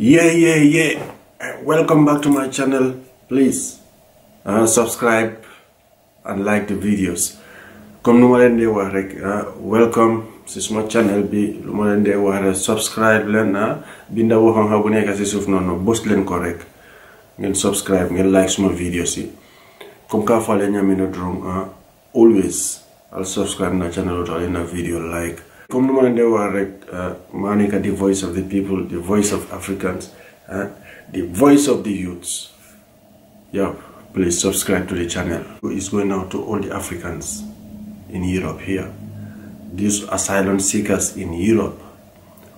yeah yeah yeah welcome back to my channel please uh, subscribe and like the videos comme lu ma leen dee wax rek uh, welcome si suma channel bi lu ma leen dee wax rek subscribe leen uh, binda bu xonxa bu nekk si suuf noonu bës leen ko rek ngeen subscribe ngeen like suma vidéo si comme ka fale ñamina drum uh, always al subscribe na channel to na video like Komnumande were uh, Manika, the voice of the people, the voice of Africans, uh, the voice of the youths. Yeah, please subscribe to the channel. It's going out to all the Africans in Europe here, these asylum seekers in Europe.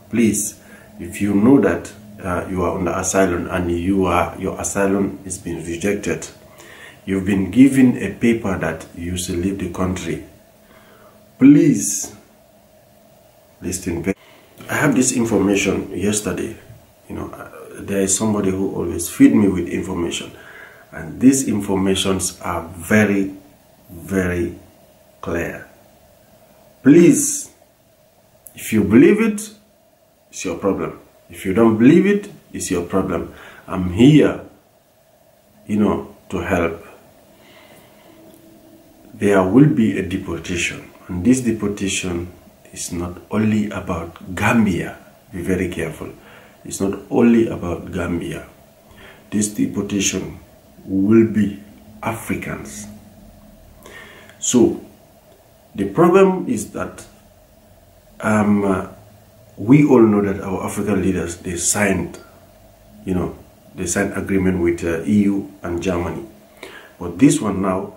Please, if you know that uh, you are under asylum and you are your asylum is being rejected, you've been given a paper that you should leave the country. Please I have this information yesterday. You know, there is somebody who always feed me with information, and these informations are very, very clear. Please, if you believe it, it's your problem. If you don't believe it, it's your problem. I'm here, you know, to help. There will be a deportation, and this deportation it's not only about Gambia. Be very careful. It's not only about Gambia. This deportation will be Africans. So, the problem is that um, uh, we all know that our African leaders, they signed, you know, they signed agreement with uh, EU and Germany. But this one now,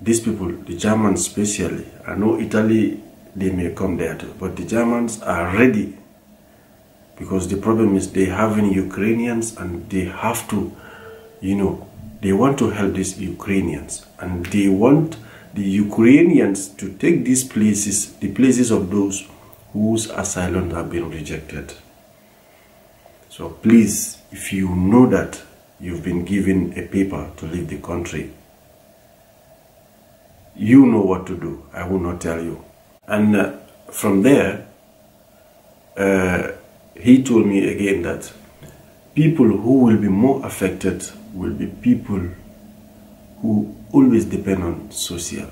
these people, the Germans especially, I know Italy they may come there too. But the Germans are ready because the problem is they in Ukrainians and they have to, you know, they want to help these Ukrainians and they want the Ukrainians to take these places, the places of those whose asylum have been rejected. So please, if you know that you've been given a paper to leave the country, you know what to do. I will not tell you. And uh, from there, uh, he told me again that people who will be more affected will be people who always depend on social.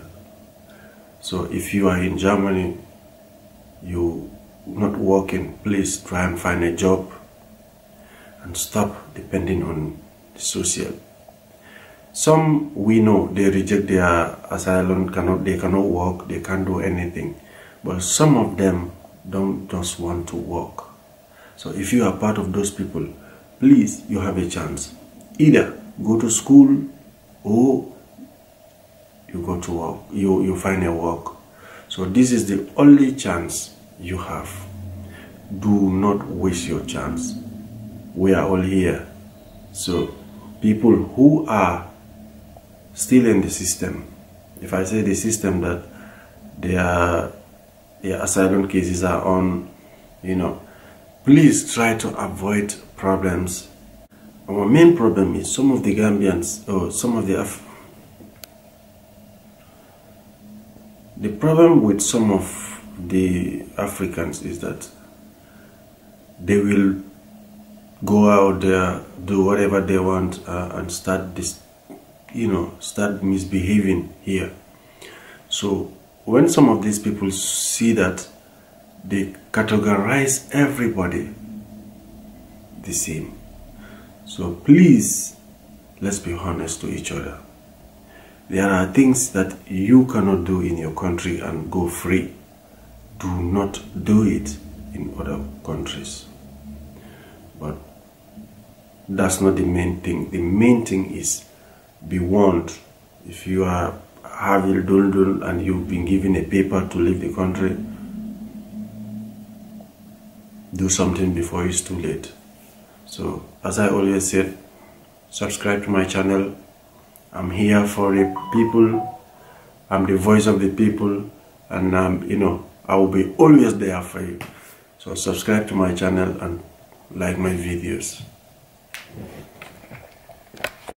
So if you are in Germany, you not working, please try and find a job and stop depending on the social. Some we know they reject their asylum, cannot they cannot work, they can't do anything. But some of them don't just want to work. So if you are part of those people, please you have a chance. Either go to school or you go to work, you, you find a work. So this is the only chance you have. Do not waste your chance. We are all here. So people who are still in the system. If I say the system that their their asylum cases are on, you know, please try to avoid problems. Our main problem is some of the Gambians or some of the Af the problem with some of the Africans is that they will go out there, do whatever they want, uh, and start this you know start misbehaving here so when some of these people see that they categorize everybody the same so please let's be honest to each other there are things that you cannot do in your country and go free do not do it in other countries but that's not the main thing the main thing is be warned if you are have dul and you've been given a paper to leave the country do something before it's too late so as i always said subscribe to my channel i'm here for the people i'm the voice of the people and um, you know i will be always there for you so subscribe to my channel and like my videos